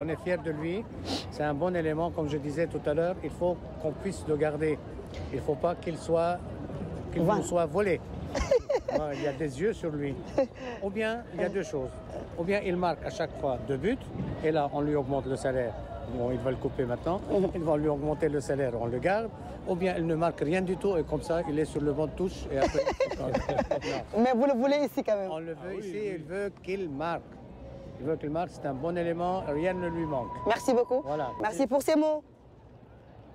On est fiers de lui. C'est un bon élément, comme je disais tout à l'heure. Il faut qu'on puisse le garder. Il ne faut pas qu'il soit, volé. il y a des yeux sur lui. Ou bien, il y a deux choses. Ou bien, il marque à chaque fois deux buts, et là, on lui augmente le salaire. il va le couper maintenant. Ils vont lui augmenter le salaire, on le garde. Ou bien, il ne marque rien du tout, et comme ça, il est sur le banc de touche. Et après... Mais vous le voulez ici quand même. Je veux qu'il marque, c'est un bon élément, rien ne lui manque. Merci beaucoup. Voilà. Merci pour ces mots.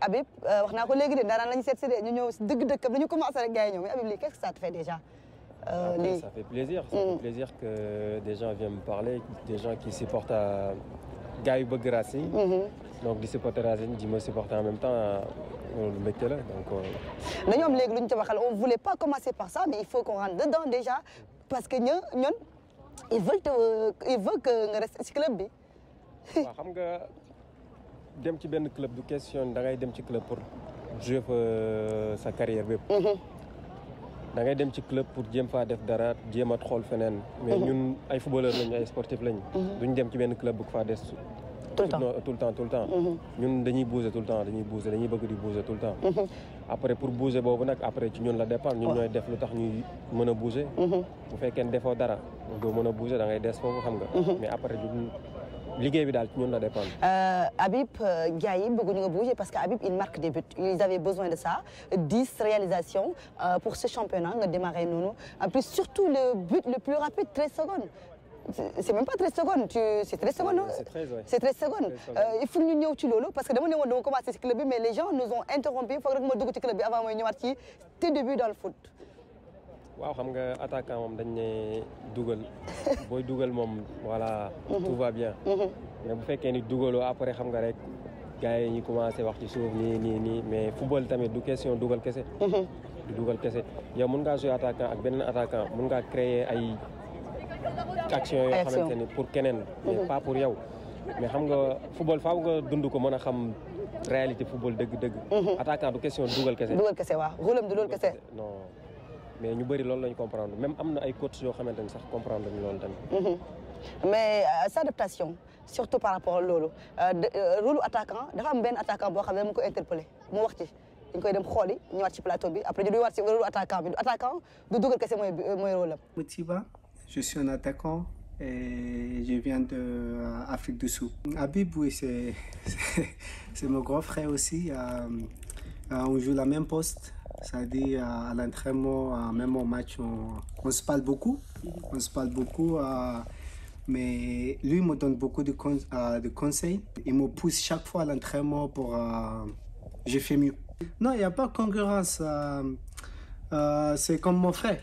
Habib, euh, wax naa ko léegi de ndaanaan la ñu seet si de ñu ñëw dëgg dëkk dañu commencé rek gars yi ñëw mais Habib lii qu'est-ce que ça te fait déjà Euh, Après, les... Ça fait plaisir, ça mm. fait mm-hmm. plaisir que des gens viennent me parler, des gens qui supportent à euh, Gaï Bograssi. Mm -hmm. Donc, ils supportent à Zine, ils me supportent en même temps. Euh, on le mettait là. Donc, euh... on ne voulait pas commencer par ça, mais il faut qu'on rentre dedans déjà. Parce que nous, nous il veut te il veut que nga reste ci club bi. waaw xam nga dem ci benn club du question da ngay dem ci club pour jouer fa euh, sa carrière bépp. Mhm. da ngay dem ci club pour jéem faa def dara jéem a xool feneen. mais mhm. ñun ay footballeur lañu ay sportif lañu. Mhm. duñ dem ci benn club bu ko faa des tout le temps tout le temps tout le temps. ñun dañuy bouger tout le temps dañuy bouger dañuy bëgg di bouger tout le temps. Mm-hmm. après pour bouger boobu nag après ci ñun la dépend ñun ñooy def lu tax ñuy mën a bouger. Mm-hmm. bu fekkee defoo dara doo mën a bouger da ngay des foofu xam nga. Mm-hmm. mais après liggéey bi daal ci ñun la dépendre. Euh, Habib euh, gars yi bëgguñu nga bouger parce que Habib il marque des buts ils avaient besoin de ça dix réalisations euh, pour ce championnat nga démarrer noonu en plus surtout le but le plus rapide treize secondes c'est même pas 13 secondes tu c'est 13 secondes. c'est 13 oui c'est 13 secondes. Euh, il faut ñu ñëw ci loolu parce que dama ne woon dama club bi mais les gens nous ont interrompu foog rek ma dugg ci club bi avant mooy ñëwaat ci xam nga attaquant moom dañ ne dugal booy dugal moom wala mhm. tout va bien. Mhm. mais bu fekkee ni dugaloo après xam nga rek gars yi ñu commencé wax ci suuf nii nii nii mais football tamit du question dugal kese. Mhm. du dugal kese yow mun ngaa jouer attaquant ak beneen attaquant mun action yoo xamante ni pour keneen mais pas pour yow mais xam nga football faaw nga dund ko mën a xam réalité football dëgg-dëgg mhm. attaquant du question dugal kese dugal kese waaw rôlam du loolu kese non mais mhm. euh, euh, euh, attaquant dafa am benn attaquant boo xam ne dama ko interpellé mu wax ci koy dem xooli ñëwaat ci plateau bi après ñu duy waat si rôle attaquant du dugal kese mooy mooy rôlam je suis un attaquant et je viens d'Afrique euh, du Sud. Habib, oui, c'est mon grand frère aussi. Euh, euh, on joue la même poste, c'est-à-dire euh, à, l'entraînement, même au match, on, on, se parle beaucoup. On se parle beaucoup, euh, mais lui me donne beaucoup de, con, euh, de, conseils. Il me pousse chaque fois à l'entraînement pour je fais mieux. Non, il n'y a pas de concurrence. c'est comme mon frère.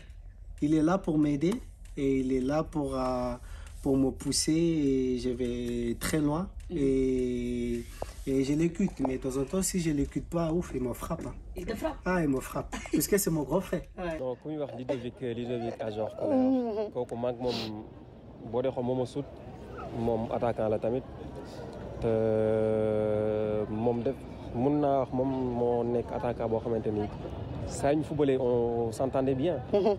Il est là pour m'aider. et il est là pour, euh, pour me pousser et je vais très loin. Mmh. Et, et, je l'écoute, mais de temps en temps, si je l'écoute pas, ouf, il me frappe. Hein. Il te frappe Ah, il me frappe, parce que c'est mon grand frère. Ouais. Donc, quand on dit Ludovic, euh, Ludovic Ajor, mm. quand on manque mon... boo dee xool moom a sut moom attaquant la tamit te moom def mun naa wax moom moo nekk attaquant boo xamante ni saa ñu fubalee on s'entendait bien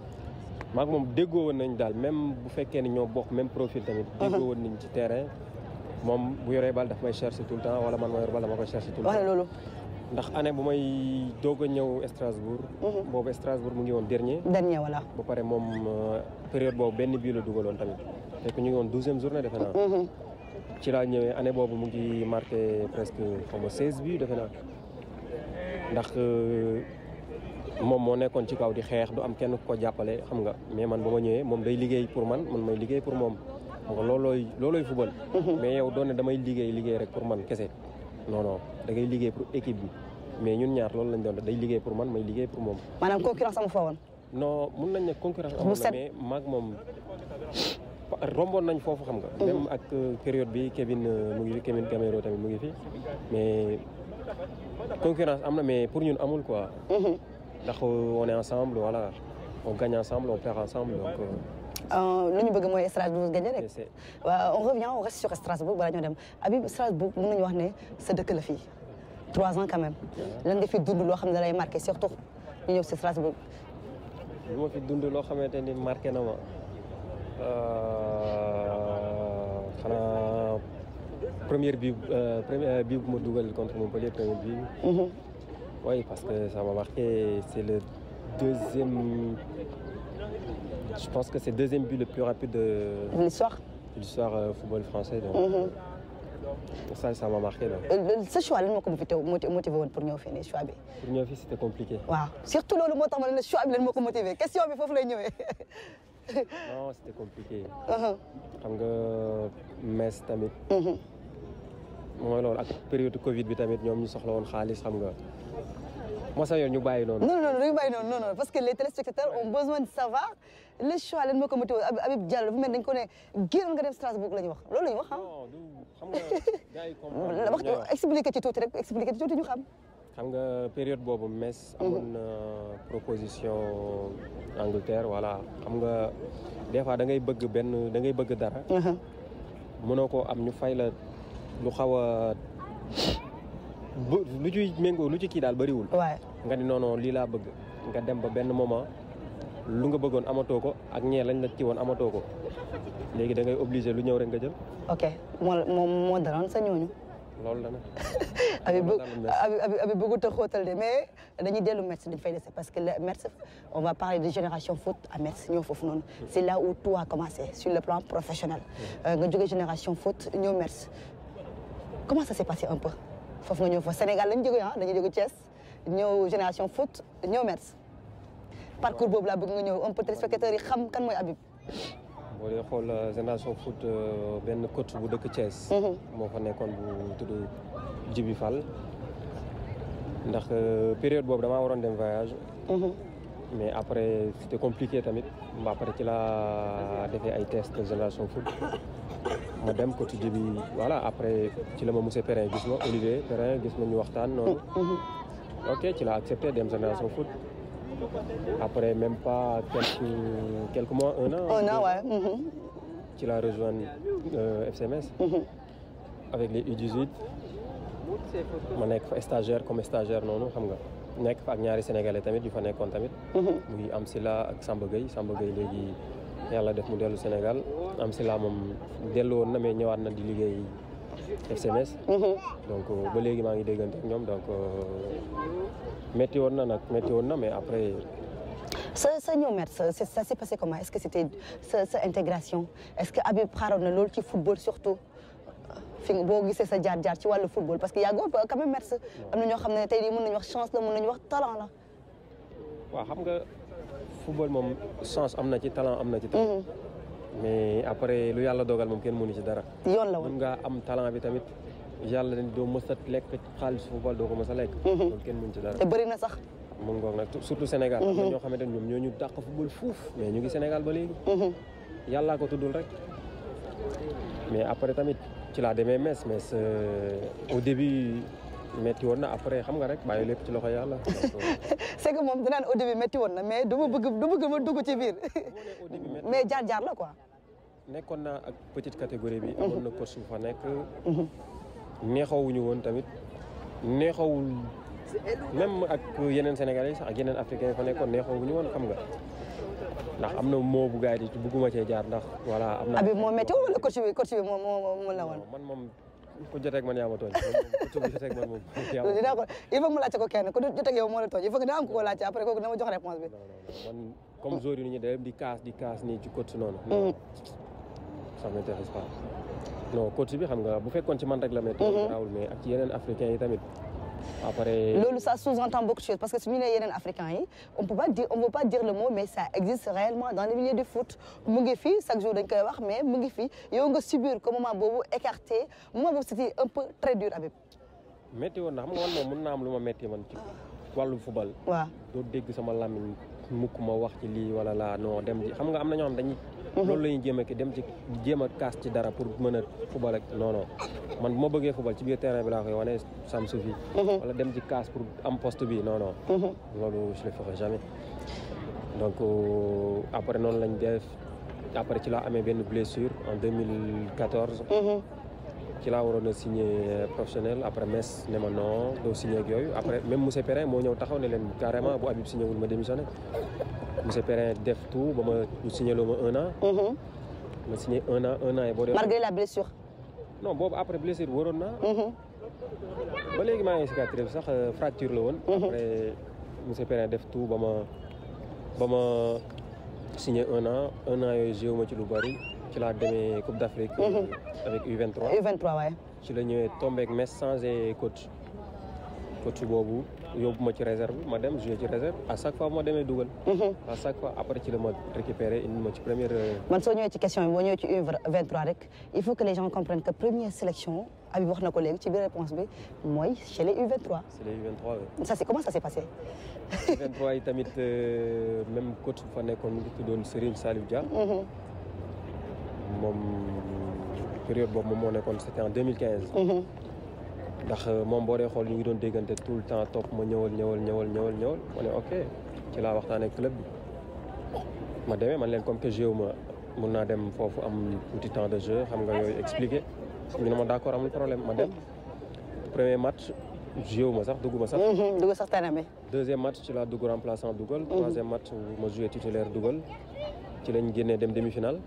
maak moom déggoo woon nañ daal même bu fekkee ni ñoo bokk même profil tamit. déggoo woon nañ ci terrain. moom bu yoree bal daf may chercher tout le temps wala man ma yor bal dama koy chercher tout le temps. ndax année bu may doog a ñëw Strasbourg. boobu Strasbourg mu ngi woon dernier. dernier voilà. ba pare moom euh, période boobu benn bii la dugaloon tamit fekk ñu ngi woon douzième journée defe naa. ci laa ñëwee année boobu mu ngi marqué presque xaw ma seize buts defe naa ndax. Euh, moom moo nekkoon ci kaw di xeex du am kenn ko jàppale xam nga mais man ba ma ñëwee moom day liggéey pour man man mooy liggéey pour moom donc loolooy loolooy football mais yow doone damay liggéey liggéey rek pour man kese non non da liggéey pour équipe bi mais ñun ñaar loolu lañ doon day liggéey pour man may liggéey pour moom maanaam concurrence amu mun nañ ne concurrence amu na mais maag moom romboon nañ foofu xam nga même ak euh, période bi Kevin euh, mu ngi fi Kevin Gamero tamit mu ngi fi mais concurrence am na mais pour ñun amul quoi mhm. ndax on est ensemble voilà on gagne ensemble on perd ensemble donc. Euh, euh, lu ñu bëgg mooy Strasbourg gagne rek. waaw on revient on reste sur Strasbourg balaa ñoo dem Habib Strasbourg mën nañu wax ne sa dëkk la fii trois ans quand même lan nga fi dund loo xam ne da lay marqué surtout ñu ñëw si Strasbourg. lu ma fi dund loo xamante ni marqué na ma euh, xanaa première bi première bi bu ma dugal contre Montpellier première bi. Mhm. Oui, parce que ça m'a marqué. C'est le deuxième. Je pense que c'est le deuxième but le plus rapide de l'histoire. L'histoire euh, football français. Donc, mm -hmm. euh, ça, ça m'a marqué. Euh, Là. Ce choix-là, je suis motivé pour nous faire choix. Pour nous faire, c'était compliqué. Wow. Surtout le mot le choix, je suis motivé. Question, il faut que Non, c'était compliqué. Uh -huh. Messi, tamit. Mm -hmm. mooy loolu ak période Covid bi tamit ñoom ñu soxla woon xaalis xam nga Moussa yow ñu bàyyi noonu. non non non ñu bàyyi noonu non non parce que les téléspectateurs ont besoin de savoir le choix lan moo ko motivé Habib Strasbourg la ñu wax loolu ñu wax ah. xam nga gars yi comprendre wax expliqué ci tuuti rek expliqué ci tuuti ñu xam. xam nga période boobu mees a na proposition Angleterre voilà xam nga des fois da bëgg benn da ngay bëgg dara. Uh-huh. mënoo koo am ñu fay la. lu xaw a lu ci méngoo lu ci kii daal bëriwul. waay nga ni non non lii bëgg nga dem ba benn moment lu nga bëggoon amatoo ko ak ñee lañ la ci woon amatoo ko léegi da ngay obligé lu ñëw rek nga jël. ok moo moo daloon sa ñooñu. loolu la nag. abi abi abi bëggut a xóotal de mais dañuy dellu Metz dañ fay dese parce que Metz on va parler de génération foot à Metz ñëw foofu noonu. c' est là tout a commencé sur le plan professionnel. Mm. Euh, nga jógee génération foot ñëw Metz. comment ça s'est passé un peu foofu nga ñëw fa Sénégal lañ jógee ah dañuy jóge Thiès ñëw génération foot ñëw Metz parcours boobu la bëgg nga ñëw un peu téléspectateurs yi xam kan mooy Habib. boo dee xool euh, génération foot euh, benn coach bu dëkk Thiès. Mhm. moo fa nekkoon bu tudd Djibi Fall. ndax euh, période boobu dama waroon dem voyage. Mhm. mais après c'était compliqué tamit ba après ci laa defee ay test génération foot ma dem côté bi voilà après ci la ma monsieur Perrin gis ma gis ma ñu waxtaan noonu ok ci la accepté dem génération foot après même pas quelques quelques mois un an un an waaw mhm. ci laa rejoindre euh, FCMS mhm. avec les U18 nekk fa stagiaire comme stagiaire noonu xam nga nekk fa ak ñaari sénégalais tamit yu fa nekkoon tamit. Mhm. muy am sila ak Samba Gueye Samba Gueye léegi yàlla def mu dellu Sénégal am sila moom dellu woon na mais ñëwaat na di liggéey FCMS. Mhm. donc euh, ba léegi maa ngi déggante ak ñoom donc euh, métti na nag métti na mais après. sa sa ñëw sa ça s'est passé comment est-ce que c'était sa sa intégration est-ce que Habib xaaroon na loolu ci football surtout. fi nga gisee sa jaar-jaar ci wàllu football parce que yaa ngi quand même merci am na ñoo ne tey jii mën nañu wax chance la mën nañu wax talent la. waaw xam nga football moom chance am na ci talent am na ci. Mm-hmm. mais après lu yàlla dogal moom kenn mënu ci dara. yoon la woon mën am talent bi tamit yàlla dañ doo mës a lekk xaalis football doo ko mës a lekk. Mm-hmm. loolu kenn mënu ci dara. te bëri na sax. mu ngoog nag surtout Sénégal. am na mm-hmm. ñoo xamante ne ñoom ñoo ñu dàq football fuuf mais ñu ngi Sénégal ba léegi. yàllaa ko tuddul rek mais après tamit. ci laa demee Metz Metz euh, au début métti woon na après xam nga rek bàyyi lépp ci loxo yàlla. c'est que moom dinaan au début métti woon na mais du ma bëgg du bëgg ma dugg ci biir. mais jaar jaar la quoi. nekkoon na ak petite catégorie bi. Mhm. amoon na coach bu fa nekk. Mhm. neexawuñu woon tamit neexawul même ak yeneen sénégalais sax ak yeneen africains yi fa nekkoon neexawuñu woon xam nga. ndax am na moo bu gars yi di bugguma cee jaar ndax voilà am na abi ah, moo man moom ku joteeg man yaa ma tooñ ku joteeg man moom dinaa ko il faut mu laajte ko kenn ku joteeg yow moo la tooñ il faut que daa am ko laajte après kooku dama jox réponse bi comme jour yi ni di kaas di kaas nii ci coach noonu mm. ça m'intéresse pas non bi xam nga bu fekkoon ci man rek la météo mm-hmm. raawul mais ak ci yeneen africain yi tamit après loolu ça sous-entend beaucoup de parce que su ñu nee yeneen africain yi on peut pas dire on peut pas dire le mot mais ça existe réellement dans le milieu du foot mu ngi fi chaque jour dañ koy wax mais mu fi yow nga subir que moment boobu écarté moment boobu très dur Habib. métti na xam nga man am lu ma métti man. ci ah. wàllu football. waaw doo dégg sama làmmiñ mukk ma wax ci lii wala laa non dem ci mhm. la ñuy jéem a ki dem ci jéem a kaas ci a fubal ci biir bi laa koy wane sam sufi mhm. wala dem ci kaas pour am poste bi non non. Mhm. Euh, noonu lañ def après ci laa amee benn blessure en 2014. ci laa waroon a signé euh, professionnel après mes ne ma non doo signé ak yooyu après même monsieur Perrin moo ñëw taxaw ne leen carrément bu Habib signé wul ma démissionné monsieur Perrin def tout ba ma ñu signé loo ma un an. Mhm. ma un an boo dee. malgré la après blessure waroon naa. Mhm. ba maa ngi cicatrice sax euh, fracture la woon. Mhm. après monsieur Perrin def tout ba ma ba yooyu jéew ma ci lu bari. ci laa demee Coupe d'Afrique. Mhm. avec U23 U23 waaye. ci la ñëwee tombeek mes changé coach coach boobu yóbbu ma ci réserve ma dem joué ci réserve à chaque fois bu ma demee dugal. Mhm. à chaque fois après ci la ma récupéré indi ma ci première. Euh, man soo ñëwee ci question yi boo ñëwee ci U23 rek il faut que les gens comprennent que première sélection Habib wax na ko léegi ci biir réponse bi mooy chez les U23. chez les U23 oui. ça c'est comment ça s'est passé. U23 yi tamit euh, même coach bu fa nekkoon mu ngi tuddoon Serigne Salif Dia. Mhm. moom période boobu moom moo nekkoon c'était en 2015. Mm-hmm. ndax euh, moom boo dee xool ñu ngi doon déggante tout le temps topp ma ñëwal ñëwal ñëwal ñëwal ñëwal ma ne ok ci laa waxtaanee club ma demee man leen comme que jéew ma mun naa dem foofu am tuuti temps de jeu xam nga yooyu expliqué ñu ne ma d'accord amul problème ma dem. premier match jéew ma sax dugg ma sax. Mm-hmm. dugg sax terrain bi. deuxième match ci laa dugg remplaçant dugal. Mm-hmm. troisième match ma joué titulaire dugal. ci lañ génnee dem demi-finale.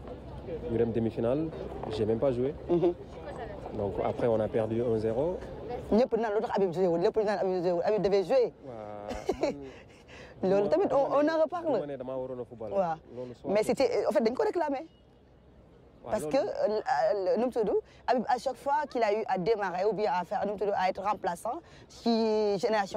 ñu dem demi-finale j'ai même pas joué. Mhm. donc après on a perdu 1-0. ñëpp naan lu tax Habib joué wul lépp naan Habib joué wul Habib devait jouer. loolu tamit on en reparle. dama ne damaa waroon a football. waaw mais c'était en fait dañu ko réclamé. parce que euh, euh, nu mu tudd Habib à chaque fois qu'il a eu à démarrer ou bien à faire nu mu tudd à être remplaçant ci génération.